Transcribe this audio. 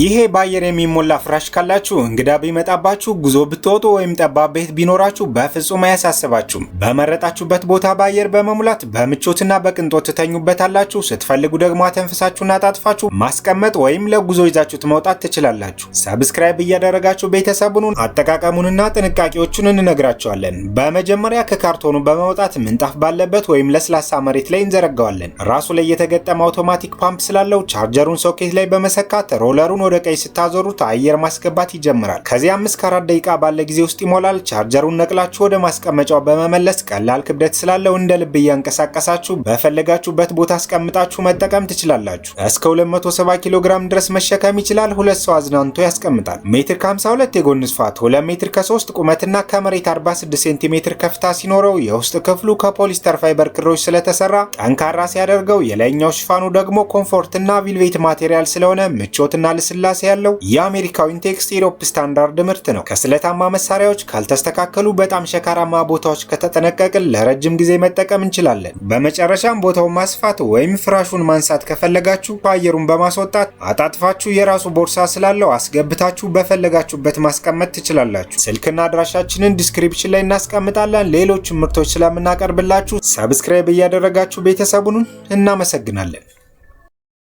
ይሄ በአየር የሚሞላ ፍራሽ ካላችሁ እንግዳ ቢመጣባችሁ፣ ጉዞ ብትወጡ ወይም ጠባብ ቤት ቢኖራችሁ በፍጹም አያሳስባችሁም። በመረጣችሁበት ቦታ በአየር በመሙላት በምቾትና በቅንጦት ትተኙበታላችሁ። ስትፈልጉ ደግሞ አተንፍሳችሁና አጣጥፋችሁ ማስቀመጥ ወይም ለጉዞ ይዛችሁት መውጣት ትችላላችሁ። ሰብስክራይብ እያደረጋችሁ ቤተሰቡን አጠቃቀሙንና ጥንቃቄዎቹን እንነግራቸዋለን። በመጀመሪያ ከካርቶኑ በመውጣት ምንጣፍ ባለበት ወይም ለስላሳ መሬት ላይ እንዘረጋዋለን። ራሱ ላይ የተገጠመ አውቶማቲክ ፓምፕ ስላለው ቻርጀሩን ሶኬት ላይ በመሰካት ሮለሩን ቻርጀሩን ወደ ቀይ ስታዞሩት አየር ማስገባት ይጀምራል። ከዚህ አምስት ከአራት ደቂቃ ባለ ጊዜ ውስጥ ይሞላል። ቻርጀሩን ነቅላችሁ ወደ ማስቀመጫው በመመለስ ቀላል ክብደት ስላለው እንደ ልብ እያንቀሳቀሳችሁ በፈለጋችሁበት ቦታ አስቀምጣችሁ መጠቀም ትችላላችሁ። እስከ 270 ኪሎ ግራም ድረስ መሸከም ይችላል። ሁለት ሰው አዝናንቶ ያስቀምጣል። ሜትር ከ52 የጎን ስፋት፣ 2 ሜትር ከ3 ቁመትና ከመሬት 46 ሴንቲሜትር ከፍታ ሲኖረው የውስጥ ክፍሉ ከፖሊስተር ፋይበር ክሮች ስለተሰራ ጠንካራ ሲያደርገው የላይኛው ሽፋኑ ደግሞ ኮምፎርትና ቪልቬት ማቴሪያል ስለሆነ ምቾትና ልስ ስላሴ ያለው የአሜሪካው ኢንቴክስ ኢሮፕ ስታንዳርድ ምርት ነው። ከስለታማ መሳሪያዎች ካልተስተካከሉ፣ በጣም ሸካራማ ቦታዎች ከተጠነቀቅን ለረጅም ጊዜ መጠቀም እንችላለን። በመጨረሻም ቦታውን ማስፋት ወይም ፍራሹን ማንሳት ከፈለጋችሁ አየሩን በማስወጣት አጣጥፋችሁ የራሱ ቦርሳ ስላለው አስገብታችሁ በፈለጋችሁበት ማስቀመጥ ትችላላችሁ። ስልክና አድራሻችንን ዲስክሪፕሽን ላይ እናስቀምጣለን። ሌሎችን ምርቶች ስለምናቀርብላችሁ ሰብስክራይብ እያደረጋችሁ ቤተሰቡን እናመሰግናለን።